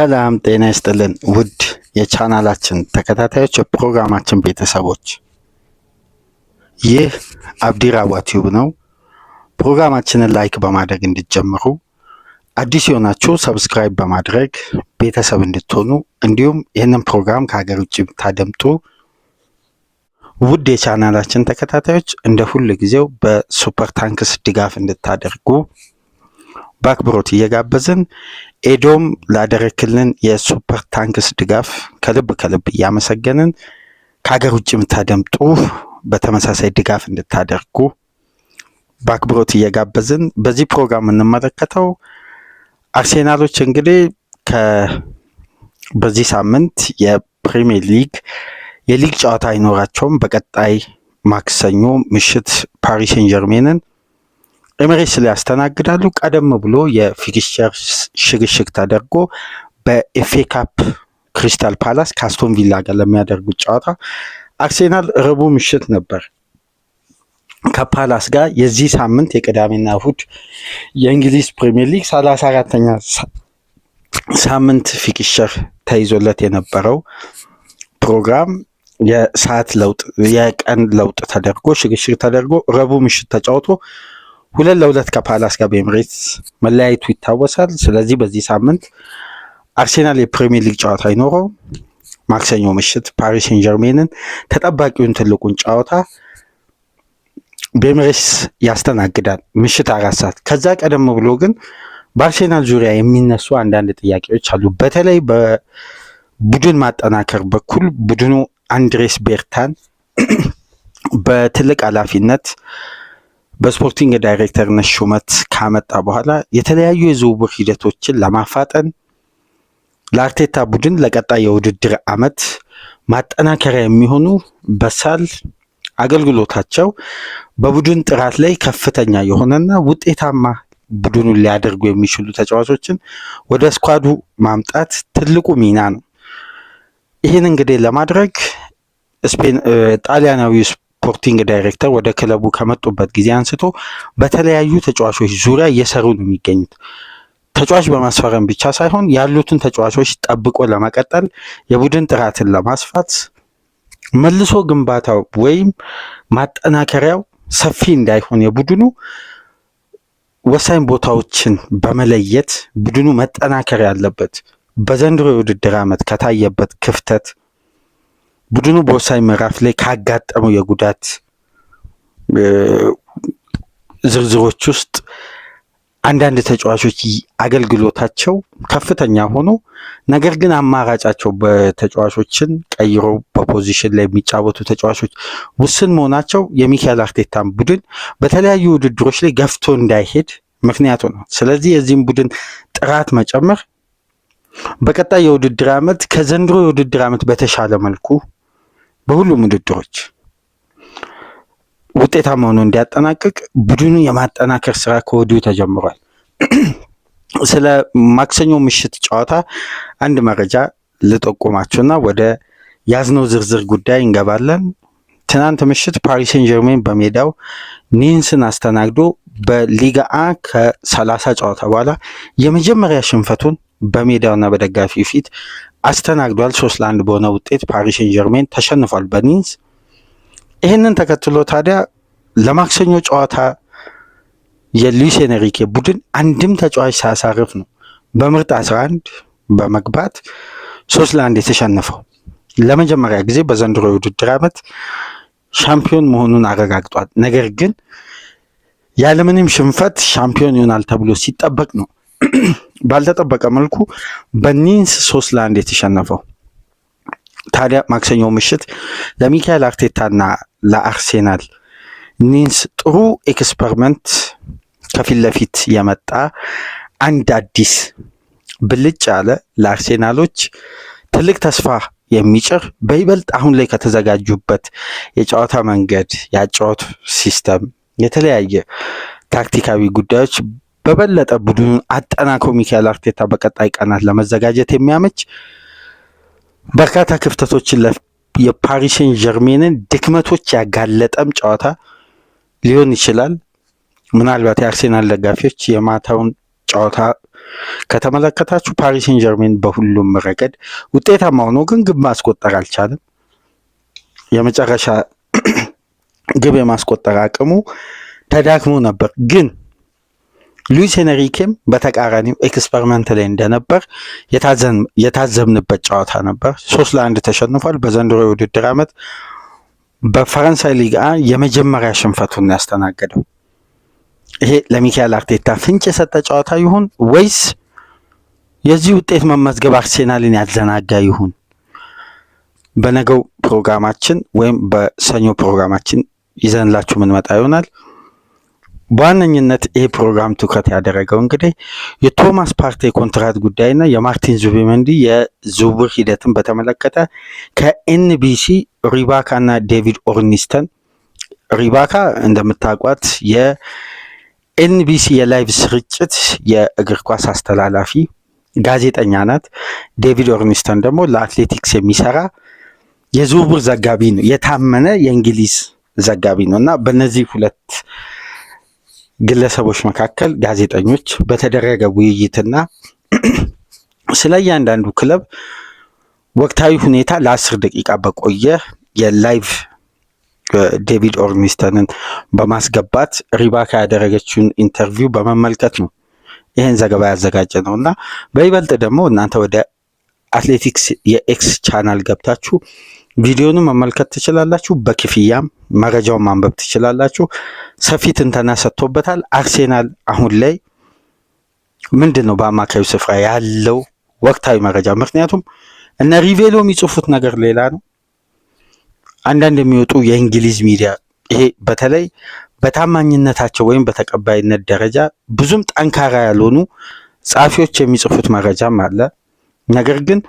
ሰላም ጤና ይስጥልን ውድ የቻናላችን ተከታታዮች የፕሮግራማችን ቤተሰቦች፣ ይህ አብዲራዋ ቲዩብ ነው። ፕሮግራማችንን ላይክ በማድረግ እንድትጀምሩ፣ አዲስ የሆናችሁ ሰብስክራይብ በማድረግ ቤተሰብ እንድትሆኑ፣ እንዲሁም ይህንን ፕሮግራም ከሀገር ውጭ ብታደምጡ ውድ የቻናላችን ተከታታዮች እንደ ሁል ጊዜው በሱፐር ታንክስ ድጋፍ እንድታደርጉ በአክብሮት እየጋበዝን ኤዶም ላደረክልን የሱፐር ታንክስ ድጋፍ ከልብ ከልብ እያመሰገንን ከሀገር ውጭ የምታደምጡ በተመሳሳይ ድጋፍ እንድታደርጉ በአክብሮት እየጋበዝን በዚህ ፕሮግራም የምንመለከተው አርሴናሎች እንግዲህ በዚህ ሳምንት የፕሪሚየር ሊግ የሊግ ጨዋታ አይኖራቸውም። በቀጣይ ማክሰኞ ምሽት ፓሪስ ሴን ጀርሜንን ኤምሬትስ ላይ ያስተናግዳሉ። ቀደም ብሎ የፊክስቸር ሽግሽግ ተደርጎ በኤፌ ካፕ ክሪስታል ፓላስ ከአስቶን ቪላ ጋር ለሚያደርጉት ጨዋታ አርሴናል ረቡዕ ምሽት ነበር ከፓላስ ጋር የዚህ ሳምንት የቅዳሜና እሁድ የእንግሊዝ ፕሪሚየር ሊግ ሰላሳ አራተኛ ሳምንት ፊክስቸር ተይዞለት የነበረው ፕሮግራም የሰዓት ለውጥ የቀን ለውጥ ተደርጎ ሽግሽግ ተደርጎ ረቡዕ ምሽት ተጫውቶ ሁለት ለሁለት ከፓላስ ጋር በኤምሬትስ መለያየቱ ይታወሳል። ስለዚህ በዚህ ሳምንት አርሴናል የፕሪሚየር ሊግ ጨዋታ አይኖረውም። ማክሰኞ ምሽት ፓሪስ ሴን ጀርሜንን ተጠባቂውን ትልቁን ጨዋታ በኤምሬትስ ያስተናግዳል ምሽት አራት ሰዓት። ከዛ ቀደም ብሎ ግን በአርሴናል ዙሪያ የሚነሱ አንዳንድ ጥያቄዎች አሉ። በተለይ በቡድን ማጠናከር በኩል ቡድኑ አንድሬስ ቤርታን በትልቅ ኃላፊነት በስፖርቲንግ ዳይሬክተርነት ሹመት ካመጣ በኋላ የተለያዩ የዝውውር ሂደቶችን ለማፋጠን ለአርቴታ ቡድን ለቀጣይ የውድድር ዓመት ማጠናከሪያ የሚሆኑ በሳል አገልግሎታቸው በቡድን ጥራት ላይ ከፍተኛ የሆነና ውጤታማ ቡድኑን ሊያደርጉ የሚችሉ ተጫዋቾችን ወደ ስኳዱ ማምጣት ትልቁ ሚና ነው። ይህን እንግዲህ ለማድረግ ስፔን ጣሊያናዊ ስፖርቲንግ ዳይሬክተር ወደ ክለቡ ከመጡበት ጊዜ አንስቶ በተለያዩ ተጫዋቾች ዙሪያ እየሰሩ ነው የሚገኙት። ተጫዋች በማስፈረም ብቻ ሳይሆን ያሉትን ተጫዋቾች ጠብቆ ለመቀጠል የቡድን ጥራትን ለማስፋት መልሶ ግንባታው ወይም ማጠናከሪያው ሰፊ እንዳይሆን የቡድኑ ወሳኝ ቦታዎችን በመለየት ቡድኑ መጠናከር ያለበት በዘንድሮ የውድድር ዓመት ከታየበት ክፍተት ቡድኑ በወሳኝ ምዕራፍ ላይ ካጋጠመው የጉዳት ዝርዝሮች ውስጥ አንዳንድ ተጫዋቾች አገልግሎታቸው ከፍተኛ ሆኖ ነገር ግን አማራጫቸው በተጫዋቾችን ቀይሮ በፖዚሽን ላይ የሚጫወቱ ተጫዋቾች ውስን መሆናቸው የሚካኤል አርቴታን ቡድን በተለያዩ ውድድሮች ላይ ገፍቶ እንዳይሄድ ምክንያቱ ነው። ስለዚህ የዚህም ቡድን ጥራት መጨመር በቀጣይ የውድድር ዓመት ከዘንድሮ የውድድር ዓመት በተሻለ መልኩ በሁሉም ውድድሮች ውጤታማ ሆኖ እንዲያጠናቅቅ ቡድኑ የማጠናከር ስራ ከወዲሁ ተጀምሯል። ስለ ማክሰኞ ምሽት ጨዋታ አንድ መረጃ ልጠቁማችሁና ወደ ያዝነው ዝርዝር ጉዳይ እንገባለን። ትናንት ምሽት ፓሪስ ሴን ጀርሜን በሜዳው ኒንስን አስተናግዶ በሊጋ አ ከ30 ጨዋታ በኋላ የመጀመሪያ ሽንፈቱን በሜዳውና በደጋፊው ፊት አስተናግዷል። ሶስት ለአንድ በሆነ ውጤት ፓሪስ ሴን ጀርሜን ተሸንፏል በኒንስ። ይህንን ተከትሎ ታዲያ ለማክሰኞ ጨዋታ የሉዊስ ኤንሪኬ ቡድን አንድም ተጫዋች ሳያሳርፍ ነው በምርጥ 11 በመግባት ሶስት ለአንድ የተሸነፈው። ለመጀመሪያ ጊዜ በዘንድሮ የውድድር ዓመት ሻምፒዮን መሆኑን አረጋግጧል። ነገር ግን ያለምንም ሽንፈት ሻምፒዮን ይሆናል ተብሎ ሲጠበቅ ነው ባልተጠበቀ መልኩ በኒንስ ሶስት ለአንድ የተሸነፈው ታዲያ ማክሰኞ ምሽት ለሚካኤል አርቴታና ለአርሴናል ኒንስ ጥሩ ኤክስፐሪመንት ከፊት ለፊት የመጣ አንድ አዲስ ብልጭ ያለ ለአርሴናሎች ትልቅ ተስፋ የሚጭር በይበልጥ አሁን ላይ ከተዘጋጁበት የጨዋታ መንገድ፣ የአጨዋወት ሲስተም፣ የተለያየ ታክቲካዊ ጉዳዮች በበለጠ ቡድኑን አጠናክሮ ሚካኤል አርቴታ በቀጣይ ቀናት ለመዘጋጀት የሚያመች በርካታ ክፍተቶችን የፓሪሴን ጀርሜንን ድክመቶች ያጋለጠም ጨዋታ ሊሆን ይችላል። ምናልባት የአርሴናል ደጋፊዎች የማታውን ጨዋታ ከተመለከታችሁ ፓሪሴን ጀርሜን በሁሉም ረገድ ውጤታማ ሆኖ ግን ግብ ማስቆጠር አልቻለም። የመጨረሻ ግብ የማስቆጠር አቅሙ ተዳክሞ ነበር ግን ሉዊስ ሄነሪኬም በተቃራኒው ኤክስፐሪመንት ላይ እንደነበር የታዘብንበት ጨዋታ ነበር። ሶስት ለአንድ ተሸንፏል። በዘንድሮ የውድድር ዓመት በፈረንሳይ ሊግ የመጀመሪያ ሽንፈቱን ያስተናገደው ይሄ ለሚካኤል አርቴታ ፍንጭ የሰጠ ጨዋታ ይሁን ወይስ የዚህ ውጤት መመዝገብ አርሴናልን ያዘናጋ ይሁን? በነገው ፕሮግራማችን ወይም በሰኞ ፕሮግራማችን ይዘንላችሁ ምንመጣ ይሆናል። በዋነኝነት ይህ ፕሮግራም ትኩረት ያደረገው እንግዲህ የቶማስ ፓርቲ ኮንትራት ጉዳይና የማርቲን ዙቢመንዲ የዝውውር ሂደትን በተመለከተ ከኤንቢሲ ሪባካ እና ዴቪድ ኦርኒስተን ሪባካ እንደምታውቋት የኤንቢሲ የላይቭ ስርጭት የእግር ኳስ አስተላላፊ ጋዜጠኛ ናት። ዴቪድ ኦርኒስተን ደግሞ ለአትሌቲክስ የሚሰራ የዝውውር ዘጋቢ ነው። የታመነ የእንግሊዝ ዘጋቢ ነው እና በእነዚህ ሁለት ግለሰቦች መካከል ጋዜጠኞች በተደረገ ውይይትና ስለ እያንዳንዱ ክለብ ወቅታዊ ሁኔታ ለአስር ደቂቃ በቆየ የላይቭ ዴቪድ ኦርኒስተንን በማስገባት ሪባካ ያደረገችውን ኢንተርቪው በመመልከት ነው ይህን ዘገባ ያዘጋጀ ነው እና በይበልጥ ደግሞ እናንተ ወደ አትሌቲክስ የኤክስ ቻናል ገብታችሁ ቪዲዮኑ መመልከት ትችላላችሁ። በክፍያም መረጃውን ማንበብ ትችላላችሁ። ሰፊ ትንተና ሰጥቶበታል። አርሴናል አሁን ላይ ምንድን ነው በአማካዩ ስፍራ ያለው ወቅታዊ መረጃ? ምክንያቱም እነ ሪቬሎ የሚጽፉት ነገር ሌላ ነው። አንዳንድ የሚወጡ የእንግሊዝ ሚዲያ ይሄ በተለይ በታማኝነታቸው ወይም በተቀባይነት ደረጃ ብዙም ጠንካራ ያልሆኑ ጸሐፊዎች የሚጽፉት መረጃም አለ። ነገር ግን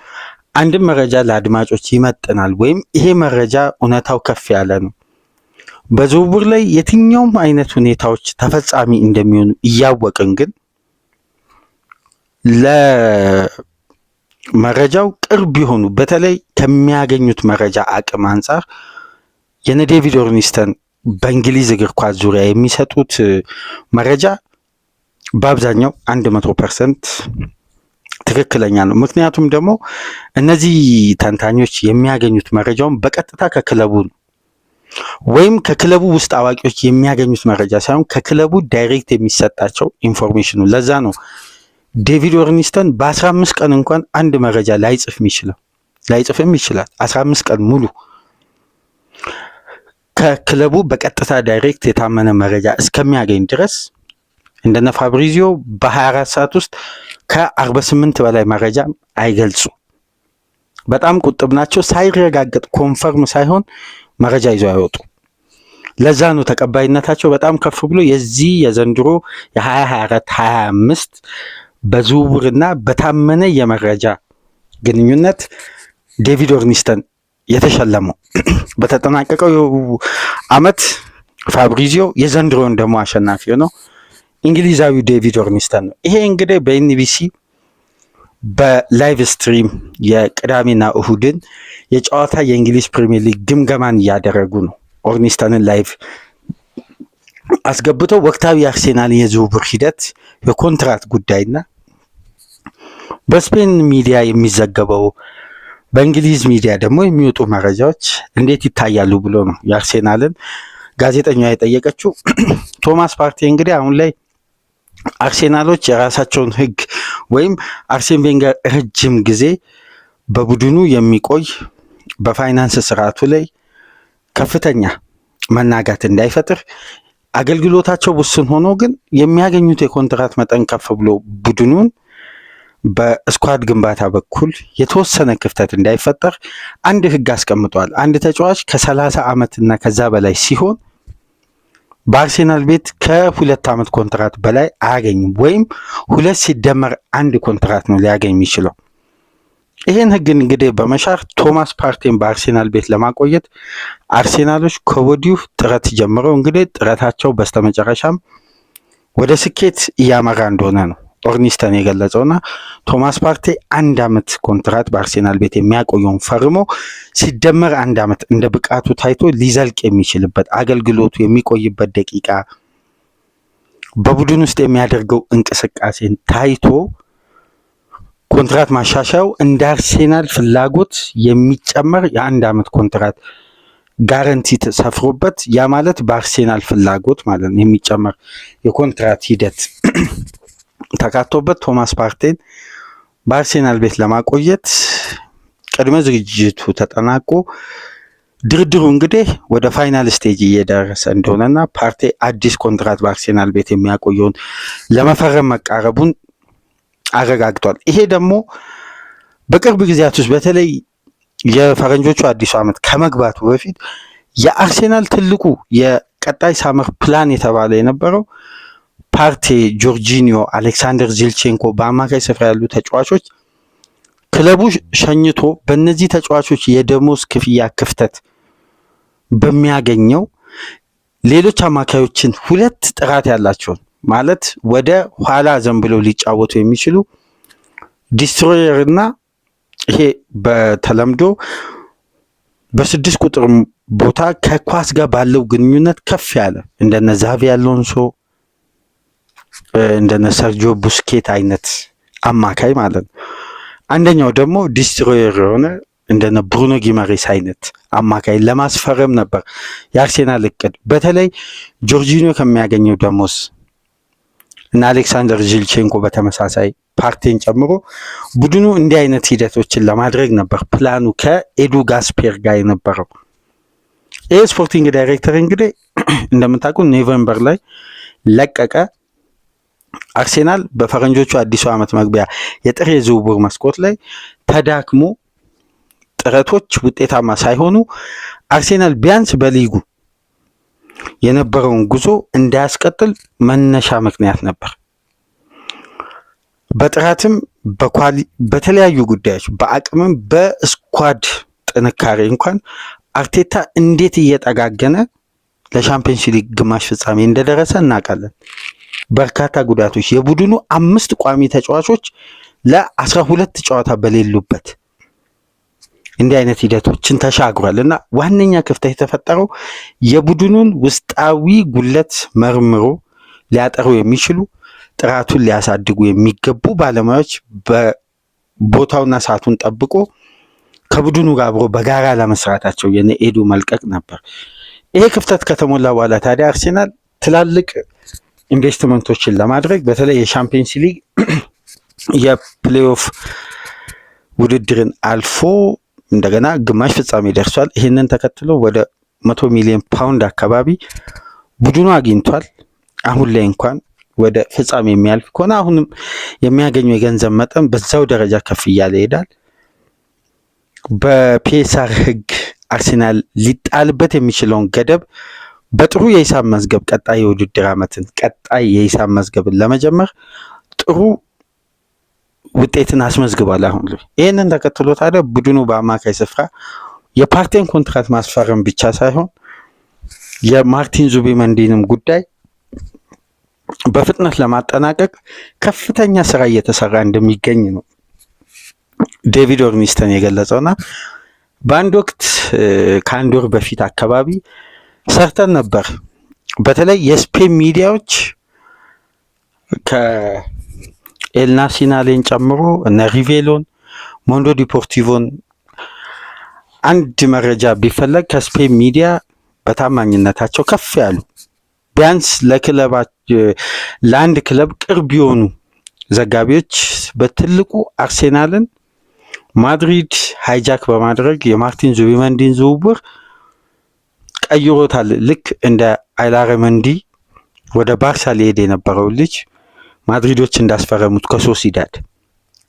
አንድም መረጃ ለአድማጮች ይመጥናል ወይም ይሄ መረጃ እውነታው ከፍ ያለ ነው በዝውውር ላይ የትኛውም አይነት ሁኔታዎች ተፈጻሚ እንደሚሆኑ እያወቅን ግን ለመረጃው ቅርብ የሆኑ በተለይ ከሚያገኙት መረጃ አቅም አንጻር የነ ዴቪድ ኦርኒስተን በእንግሊዝ እግር ኳስ ዙሪያ የሚሰጡት መረጃ በአብዛኛው አንድ መቶ ፐርሰንት ትክክለኛ ነው። ምክንያቱም ደግሞ እነዚህ ተንታኞች የሚያገኙት መረጃውን በቀጥታ ከክለቡ ነው። ወይም ከክለቡ ውስጥ አዋቂዎች የሚያገኙት መረጃ ሳይሆን ከክለቡ ዳይሬክት የሚሰጣቸው ኢንፎርሜሽኑ። ለዛ ነው ዴቪድ ኦርኒስተን በ15 ቀን እንኳን አንድ መረጃ ላይጽፍ የሚችለው ላይጽፍም ይችላል። 15 ቀን ሙሉ ከክለቡ በቀጥታ ዳይሬክት የታመነ መረጃ እስከሚያገኝ ድረስ እንደነ ፋብሪዚዮ በ24 ሰዓት ውስጥ ከ48 በላይ መረጃ አይገልጹ። በጣም ቁጥብ ናቸው። ሳይረጋገጥ ኮንፈርም ሳይሆን መረጃ ይዘው አይወጡ። ለዛ ነው ተቀባይነታቸው በጣም ከፍ ብሎ የዚህ የዘንድሮ የ2024 25 በዝውውርና በታመነ የመረጃ ግንኙነት ዴቪድ ኦርኒስተን የተሸለመው በተጠናቀቀው አመት ፋብሪዚዮ የዘንድሮውን ደግሞ አሸናፊ ነው እንግሊዛዊው ዴቪድ ኦርኒስተን ነው። ይሄ እንግዲህ በኤንቢሲ በላይቭ ስትሪም የቅዳሜና እሁድን የጨዋታ የእንግሊዝ ፕሪሚየር ሊግ ግምገማን እያደረጉ ነው። ኦርኒስተንን ላይቭ አስገብተው ወቅታዊ የአርሴናልን የዝውውር ሂደት የኮንትራት ጉዳይና በስፔን ሚዲያ የሚዘገበው በእንግሊዝ ሚዲያ ደግሞ የሚወጡ መረጃዎች እንዴት ይታያሉ ብሎ ነው የአርሴናልን ጋዜጠኛዋ የጠየቀችው። ቶማስ ፓርቲ እንግዲህ አሁን ላይ አርሴናሎች የራሳቸውን ህግ ወይም አርሴን ቬንገር ረጅም ጊዜ በቡድኑ የሚቆይ በፋይናንስ ስርዓቱ ላይ ከፍተኛ መናጋት እንዳይፈጥር አገልግሎታቸው ውስን ሆኖ ግን የሚያገኙት የኮንትራት መጠን ከፍ ብሎ ቡድኑን በስኳድ ግንባታ በኩል የተወሰነ ክፍተት እንዳይፈጠር አንድ ህግ አስቀምጧል። አንድ ተጫዋች ከሰላሳ ዓመት እና ከዛ በላይ ሲሆን በአርሴናል ቤት ከሁለት ዓመት ኮንትራት በላይ አያገኝም። ወይም ሁለት ሲደመር አንድ ኮንትራት ነው ሊያገኝ የሚችለው። ይህን ህግ እንግዲህ በመሻር ቶማስ ፓርቴን በአርሴናል ቤት ለማቆየት አርሴናሎች ከወዲሁ ጥረት ጀምረው እንግዲህ ጥረታቸው በስተመጨረሻም ወደ ስኬት እያመራ እንደሆነ ነው ኦርኒስተን ና ቶማስ ፓርቴ አንድ ዓመት ኮንትራት በአርሴናል ቤት የሚያቆየውን ፈርሞ ሲደመር አንድ ዓመት እንደ ብቃቱ ታይቶ ሊዘልቅ የሚችልበት አገልግሎቱ የሚቆይበት ደቂቃ በቡድን ውስጥ የሚያደርገው እንቅስቃሴን ታይቶ ኮንትራት ማሻሻያው እንደ አርሴናል ፍላጎት የሚጨመር የአንድ አመት ኮንትራት ጋረንቲ ተሰፍሮበት ያ ማለት በአርሴናል ፍላጎት ማለት ነው የሚጨመር የኮንትራት ሂደት ተካቶበት ቶማስ ፓርቴን በአርሴናል ቤት ለማቆየት ቅድመ ዝግጅቱ ተጠናቆ ድርድሩ እንግዲህ ወደ ፋይናል ስቴጅ እየደረሰ እንደሆነና ፓርቴ አዲስ ኮንትራት በአርሴናል ቤት የሚያቆየውን ለመፈረም መቃረቡን አረጋግጧል። ይሄ ደግሞ በቅርብ ጊዜያት ውስጥ በተለይ የፈረንጆቹ አዲሱ ዓመት ከመግባቱ በፊት የአርሴናል ትልቁ የቀጣይ ሳመር ፕላን የተባለ የነበረው ፓርቴ፣ ጆርጂኒዮ፣ አሌክሳንደር ዚልቼንኮ በአማካይ ስፍራ ያሉ ተጫዋቾች ክለቡ ሸኝቶ በእነዚህ ተጫዋቾች የደሞዝ ክፍያ ክፍተት በሚያገኘው ሌሎች አማካዮችን ሁለት ጥራት ያላቸውን ማለት ወደ ኋላ ዘንብለው ሊጫወቱ የሚችሉ ዲስትሮየር እና ይሄ በተለምዶ በስድስት ቁጥር ቦታ ከኳስ ጋር ባለው ግንኙነት ከፍ ያለ እንደነ ዛቪ ሰው እንደነ ሰርጆ ቡስኬት አይነት አማካይ ማለት ነው። አንደኛው ደግሞ ዲስትሮየር የሆነ እንደነ ብሩኖ ጊማሬስ አይነት አማካይ ለማስፈረም ነበር የአርሴናል እቅድ። በተለይ ጆርጂኒ ከሚያገኘው ደሞዝ እና አሌክሳንደር ዚልቼንኮ በተመሳሳይ ፓርቲን ጨምሮ ቡድኑ እንዲህ አይነት ሂደቶችን ለማድረግ ነበር ፕላኑ ከኤዱ ጋስፔር ጋር የነበረው። ይህ ስፖርቲንግ ዳይሬክተር እንግዲህ እንደምታውቁ ኖቬምበር ላይ ለቀቀ። አርሴናል በፈረንጆቹ አዲሱ ዓመት መግቢያ የጥር የዝውውር መስኮት ላይ ተዳክሞ ጥረቶች ውጤታማ ሳይሆኑ አርሴናል ቢያንስ በሊጉ የነበረውን ጉዞ እንዳያስቀጥል መነሻ ምክንያት ነበር። በጥራትም በኳሊ በተለያዩ ጉዳዮች በአቅምም በስኳድ ጥንካሬ እንኳን አርቴታ እንዴት እየጠጋገነ ለሻምፒንስሊግ ሊግ ግማሽ ፍጻሜ እንደደረሰ እናውቃለን። በርካታ ጉዳቶች የቡድኑ አምስት ቋሚ ተጫዋቾች ለአስራ ሁለት ጨዋታ በሌሉበት እንዲህ አይነት ሂደቶችን ተሻግሯል እና ዋነኛ ክፍተት የተፈጠረው የቡድኑን ውስጣዊ ጉለት መርምሮ ሊያጠሩ የሚችሉ ጥራቱን ሊያሳድጉ የሚገቡ ባለሙያዎች በቦታውና ሰዓቱን ጠብቆ ከቡድኑ ጋር አብሮ በጋራ ለመስራታቸው የነ ኤዱ መልቀቅ ነበር። ይሄ ክፍተት ከተሞላ በኋላ ታዲያ አርሴናል ትላልቅ ኢንቨስትመንቶችን ለማድረግ በተለይ የሻምፒየንስ ሊግ የፕሌኦፍ ውድድርን አልፎ እንደገና ግማሽ ፍጻሜ ደርሷል። ይህንን ተከትሎ ወደ መቶ ሚሊዮን ፓውንድ አካባቢ ቡድኑ አግኝቷል። አሁን ላይ እንኳን ወደ ፍጻሜ የሚያልፍ ከሆነ አሁንም የሚያገኘው የገንዘብ መጠን በዛው ደረጃ ከፍ እያለ ይሄዳል። በፒኤስአር ህግ አርሴናል ሊጣልበት የሚችለውን ገደብ በጥሩ የሂሳብ መዝገብ ቀጣይ የውድድር ዓመትን ቀጣይ የሂሳብ መዝገብን ለመጀመር ጥሩ ውጤትን አስመዝግቧል። አሁን ይህንን ተከትሎ ታዲያ ቡድኑ በአማካይ ስፍራ የፓርቴን ኮንትራት ማስፈረም ብቻ ሳይሆን የማርቲን ዙቢመንዲንም ጉዳይ በፍጥነት ለማጠናቀቅ ከፍተኛ ስራ እየተሰራ እንደሚገኝ ነው ዴቪድ ኦርኒስተን የገለጸውና በአንድ ወቅት ከአንድ ወር በፊት አካባቢ ሰርተን ነበር። በተለይ የስፔን ሚዲያዎች ከኤልናሲናሌን ጨምሮ እነ ሪቬሎን፣ ሞንዶ ዲፖርቲቮን አንድ መረጃ ቢፈለግ ከስፔን ሚዲያ በታማኝነታቸው ከፍ ያሉ ቢያንስ ለክለባ ለአንድ ክለብ ቅርብ የሆኑ ዘጋቢዎች በትልቁ አርሴናልን ማድሪድ ሃይጃክ በማድረግ የማርቲን ዙቢመንዲን ዝውውር ቀይሮታል። ልክ እንደ አይላረመንዲ ወደ ባርሳ ሊሄድ የነበረው ልጅ ማድሪዶች እንዳስፈረሙት ከሶሲዳድ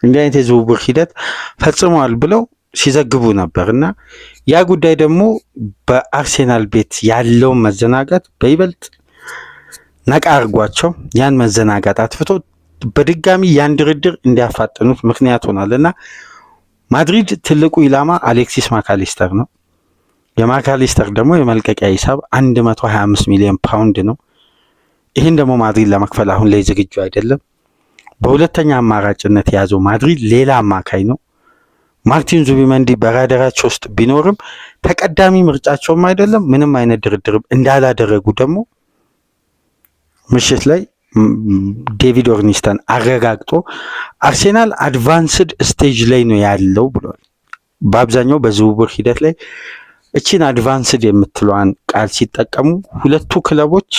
እንዲህ አይነት የዝውውር ሂደት ፈጽመዋል ብለው ሲዘግቡ ነበር እና ያ ጉዳይ ደግሞ በአርሴናል ቤት ያለውን መዘናጋት በይበልጥ ነቃ አርጓቸው ያን መዘናጋት አትፍቶ በድጋሚ ያን ድርድር እንዲያፋጥኑት ምክንያት ሆናል እና ማድሪድ ትልቁ ኢላማ አሌክሲስ ማካሊስተር ነው። የማካሊስተር ደግሞ የመልቀቂያ ሂሳብ 125 ሚሊዮን ፓውንድ ነው። ይህን ደግሞ ማድሪድ ለመክፈል አሁን ላይ ዝግጁ አይደለም። በሁለተኛ አማራጭነት የያዘው ማድሪድ ሌላ አማካይ ነው። ማርቲን ዙቢመንዲ በራዳራቸው ውስጥ ቢኖርም ተቀዳሚ ምርጫቸውም አይደለም። ምንም አይነት ድርድርም እንዳላደረጉ ደግሞ ምሽት ላይ ዴቪድ ኦርኒስተን አረጋግጦ አርሴናል አድቫንስድ ስቴጅ ላይ ነው ያለው ብሏል። በአብዛኛው በዝውውር ሂደት ላይ እቺን አድቫንስድ የምትለዋን ቃል ሲጠቀሙ ሁለቱ ክለቦች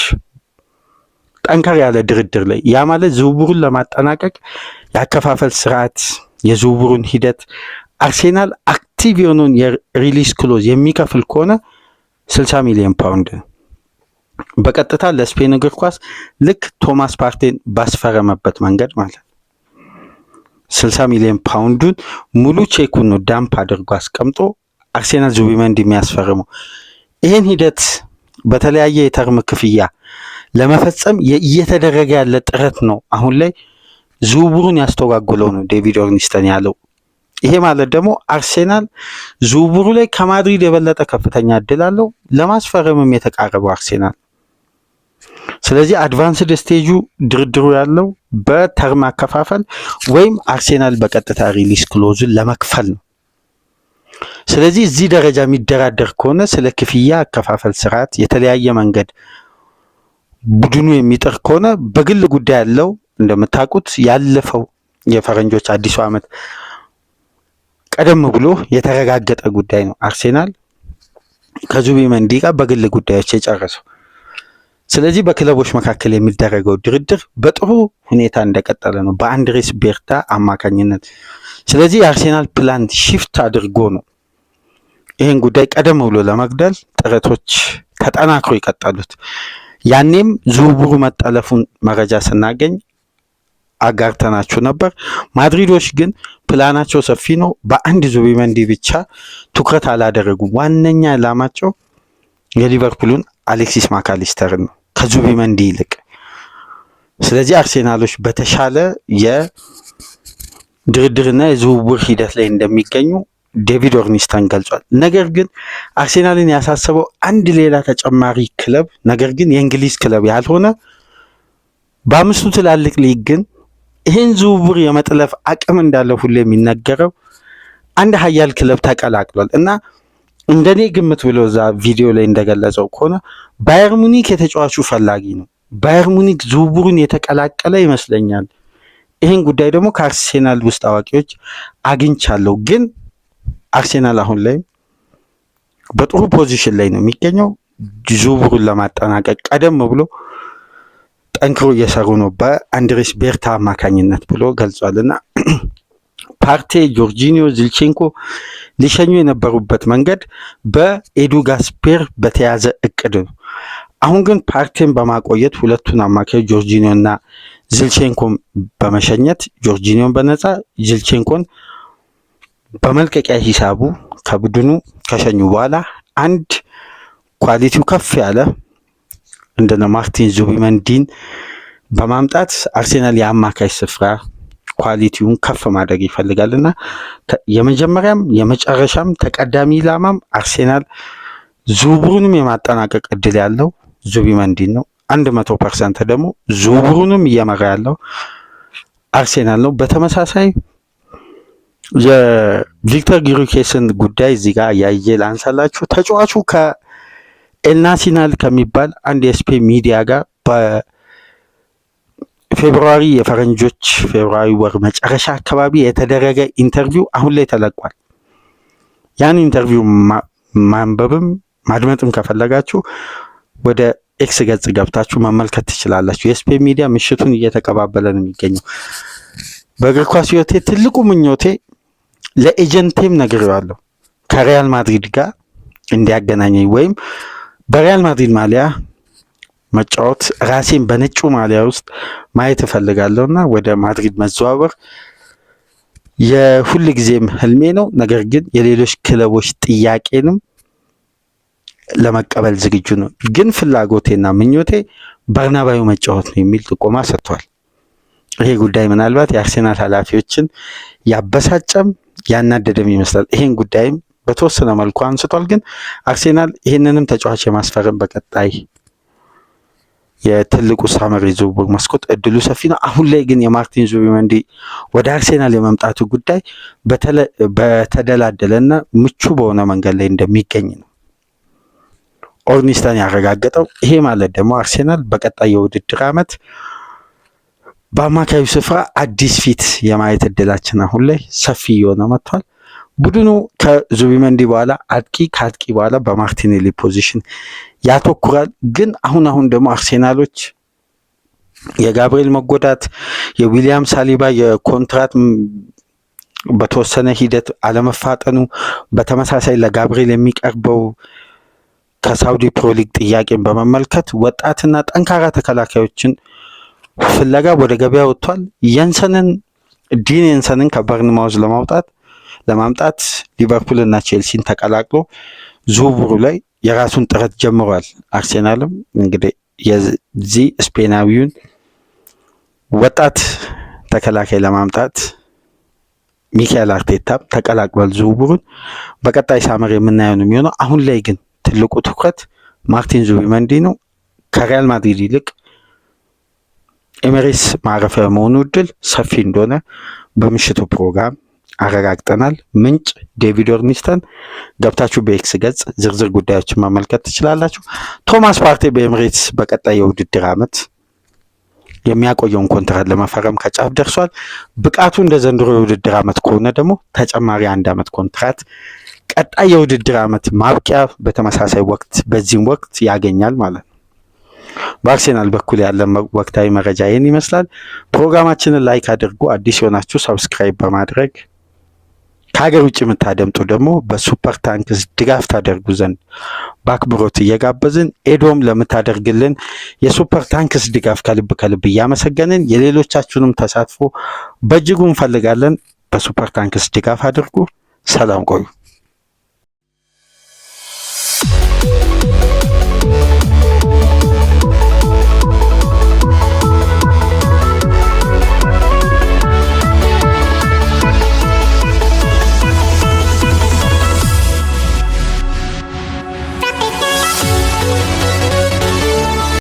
ጠንከር ያለ ድርድር ላይ ያ ማለት ዝውውሩን ለማጠናቀቅ የአከፋፈል ስርዓት የዝውውሩን ሂደት አርሴናል አክቲቭ የሆነውን የሪሊስ ክሎዝ የሚከፍል ከሆነ 60 ሚሊዮን ፓውንድ በቀጥታ ለስፔን እግር ኳስ ልክ ቶማስ ፓርቴን ባስፈረመበት መንገድ ማለት 60 ሚሊዮን ፓውንዱን ሙሉ ቼኩን ነው ዳምፕ አድርጎ አስቀምጦ አርሴናል ዙቢመንዲ የሚያስፈርመው ይህን ሂደት በተለያየ የተርም ክፍያ ለመፈጸም እየተደረገ ያለ ጥረት ነው። አሁን ላይ ዝውውሩን ያስተጓጉለው ነው ዴቪድ ኦርኒስተን ያለው። ይሄ ማለት ደግሞ አርሴናል ዝውውሩ ላይ ከማድሪድ የበለጠ ከፍተኛ እድል አለው። ለማስፈረምም የተቃረበው አርሴናል። ስለዚህ አድቫንስድ ስቴጁ ድርድሩ ያለው በተርም አከፋፈል ወይም አርሴናል በቀጥታ ሪሊስ ክሎዝን ለመክፈል ነው። ስለዚህ እዚህ ደረጃ የሚደራደር ከሆነ ስለ ክፍያ አከፋፈል ስርዓት የተለያየ መንገድ ቡድኑ የሚጥር ከሆነ በግል ጉዳይ ያለው እንደምታውቁት ያለፈው የፈረንጆች አዲሱ ዓመት ቀደም ብሎ የተረጋገጠ ጉዳይ ነው። አርሴናል ከዙቢ ጋር በግል ጉዳዮች የጨረሰው ስለዚህ በክለቦች መካከል የሚደረገው ድርድር በጥሩ ሁኔታ እንደቀጠለ ነው በአንድሬስ ቤርታ አማካኝነት። ስለዚህ የአርሴናል ፕላን ሺፍት አድርጎ ነው ይህን ጉዳይ ቀደም ብሎ ለመግደል ጥረቶች ተጠናክሮ የቀጠሉት። ያኔም ዝውውሩ መጠለፉን መረጃ ስናገኝ አጋርተናችሁ ነበር። ማድሪዶች ግን ፕላናቸው ሰፊ ነው። በአንድ ዙቢመንዲ ብቻ ትኩረት አላደረጉም። ዋነኛ ዓላማቸው የሊቨርፑሉን አሌክሲስ ማካሊስተርን ነው መንዲ ይልቅ። ስለዚህ አርሴናሎች በተሻለ የድርድርና የዝውውር ሂደት ላይ እንደሚገኙ ዴቪድ ኦርኒስተን ገልጿል። ነገር ግን አርሴናልን ያሳሰበው አንድ ሌላ ተጨማሪ ክለብ ነገር ግን የእንግሊዝ ክለብ ያልሆነ በአምስቱ ትላልቅ ሊግ ግን ይህን ዝውውር የመጥለፍ አቅም እንዳለ ሁሉ የሚነገረው አንድ ሀያል ክለብ ተቀላቅሏል እና እንደኔ ግምት ብሎ እዛ ቪዲዮ ላይ እንደገለጸው ከሆነ ባየር ሙኒክ የተጫዋቹ ፈላጊ ነው። ባየር ሙኒክ ዝውውሩን የተቀላቀለ ይመስለኛል። ይህን ጉዳይ ደግሞ ከአርሴናል ውስጥ አዋቂዎች አግኝቻለሁ። ግን አርሴናል አሁን ላይ በጥሩ ፖዚሽን ላይ ነው የሚገኘው። ዝውውሩን ለማጠናቀቅ ቀደም ብሎ ጠንክሮ እየሰሩ ነው በአንድሬስ ቤርታ አማካኝነት ብሎ ገልጿልና ፓርቴ፣ ጆርጂኒዮ፣ ዝልቼንኮ ሊሸኙ የነበሩበት መንገድ በኤዱ ጋስፔር በተያዘ እቅድ ነው። አሁን ግን ፓርቲን በማቆየት ሁለቱን አማካዮች ጆርጂኒዮና ዚልቼንኮን በመሸኘት ጆርጂኒዮን በነፃ ዝልቼንኮን በመልቀቂያ ሂሳቡ ከቡድኑ ከሸኙ በኋላ አንድ ኳሊቲው ከፍ ያለ እንደነ ማርቲን ዙቢመንዲን በማምጣት አርሴናል የአማካይ ስፍራ ኳሊቲውን ከፍ ማድረግ ይፈልጋል እና የመጀመሪያም የመጨረሻም ተቀዳሚ ኢላማም አርሴናል ዝውውሩንም የማጠናቀቅ እድል ያለው ዙቢመንዲን ነው። አንድ መቶ ፐርሰንት ደግሞ ዝውውሩንም እየመራ ያለው አርሴናል ነው። በተመሳሳይ የቪክተር ጊሩኬስን ጉዳይ እዚህ ጋር ያየ ላንሳላችሁ። ተጫዋቹ ከኤልናሲናል ከሚባል አንድ የስፔን ሚዲያ ጋር ፌብሩዋሪ የፈረንጆች ፌብሩዋሪ ወር መጨረሻ አካባቢ የተደረገ ኢንተርቪው አሁን ላይ ተለቋል። ያን ኢንተርቪው ማንበብም ማድመጥም ከፈለጋችሁ ወደ ኤክስ ገጽ ገብታችሁ መመልከት ትችላላችሁ። የስፔ ሚዲያ ምሽቱን እየተቀባበለ ነው የሚገኘው። በእግር ኳስ ህይወቴ ትልቁ ምኞቴ ለኤጀንቴም ነግሬዋለሁ፣ ከሪያል ማድሪድ ጋር እንዲያገናኘኝ ወይም በሪያል ማድሪድ ማሊያ መጫወት ራሴን በነጩ ማሊያ ውስጥ ማየት እና ወደ ማድሪድ መዘዋወር የሁል ጊዜም ህልሜ ነው። ነገር ግን የሌሎች ክለቦች ጥያቄንም ለመቀበል ዝግጁ ነው። ግን ፍላጎቴና ምኞቴ በርናባዩ መጫወት ነው የሚል ጥቆማ ሰጥቷል። ይሄ ጉዳይ ምናልባት የአርሴናል ኃላፊዎችን ያበሳጨም ያናደደም ይመስላል። ይሄን ጉዳይም በተወሰነ መልኩ አንስቷል። ግን አርሴናል ይህንንም ተጫዋች የማስፈርም በቀጣይ የትልቁ ሳመሪ ዝውውር መስኮት እድሉ ሰፊ ነው። አሁን ላይ ግን የማርቲን ዙቢመንዲ ወደ አርሴናል የመምጣቱ ጉዳይ በተደላደለ ና ምቹ በሆነ መንገድ ላይ እንደሚገኝ ነው ኦርኒስተን ያረጋገጠው። ይሄ ማለት ደግሞ አርሴናል በቀጣይ የውድድር ዓመት በአማካዩ ስፍራ አዲስ ፊት የማየት እድላችን አሁን ላይ ሰፊ እየሆነ መጥቷል። ቡድኑ ከዙቢመንዲ በኋላ አጥቂ ከአጥቂ በኋላ በማርቲኔሊ ፖዚሽን ያተኩራል። ግን አሁን አሁን ደግሞ አርሴናሎች የጋብሪኤል መጎዳት፣ የዊሊያም ሳሊባ የኮንትራት በተወሰነ ሂደት አለመፋጠኑ፣ በተመሳሳይ ለጋብሪኤል የሚቀርበው ከሳውዲ ፕሮሊግ ጥያቄን በመመልከት ወጣትና ጠንካራ ተከላካዮችን ፍለጋ ወደ ገበያ ወጥቷል። የንሰንን ዲን የንሰንን ከበርንማውዝ ለማውጣት ለማምጣት ሊቨርፑልና ቼልሲን ተቀላቅሎ ዝውውሩ ላይ የራሱን ጥረት ጀምሯል። አርሴናልም እንግዲህ የዚህ ስፔናዊውን ወጣት ተከላካይ ለማምጣት ሚካኤል አርቴታም ተቀላቅሏል ዝውውሩን። በቀጣይ ሳመር የምናየው ነው የሚሆነው። አሁን ላይ ግን ትልቁ ትኩረት ማርቲን ዙቢመንዲ ነው። ከሪያል ማድሪድ ይልቅ ኤሜሬስ ማረፊያ መሆኑ እድል ሰፊ እንደሆነ በምሽቱ ፕሮግራም አረጋግጠናል። ምንጭ ዴቪድ ኦርኒስተን። ገብታችሁ በኤክስ ገጽ ዝርዝር ጉዳዮችን መመልከት ትችላላችሁ። ቶማስ ፓርቴ በኤምሬትስ በቀጣይ የውድድር ዓመት የሚያቆየውን ኮንትራት ለመፈረም ከጫፍ ደርሷል። ብቃቱ እንደ ዘንድሮ የውድድር ዓመት ከሆነ ደግሞ ተጨማሪ አንድ ዓመት ኮንትራት ቀጣይ የውድድር ዓመት ማብቂያ በተመሳሳይ ወቅት በዚህም ወቅት ያገኛል ማለት ነው። በአርሴናል በኩል ያለ ወቅታዊ መረጃ ይህን ይመስላል። ፕሮግራማችንን ላይክ አድርጉ። አዲስ የሆናችሁ ሰብስክራይብ በማድረግ ከሀገር ውጭ የምታደምጡ ደግሞ በሱፐር ታንክስ ድጋፍ ታደርጉ ዘንድ በአክብሮት እየጋበዝን ኤዶም ለምታደርግልን የሱፐር ታንክስ ድጋፍ ከልብ ከልብ እያመሰገንን የሌሎቻችሁንም ተሳትፎ በእጅጉ እንፈልጋለን። በሱፐር ታንክስ ድጋፍ አድርጉ። ሰላም ቆዩ።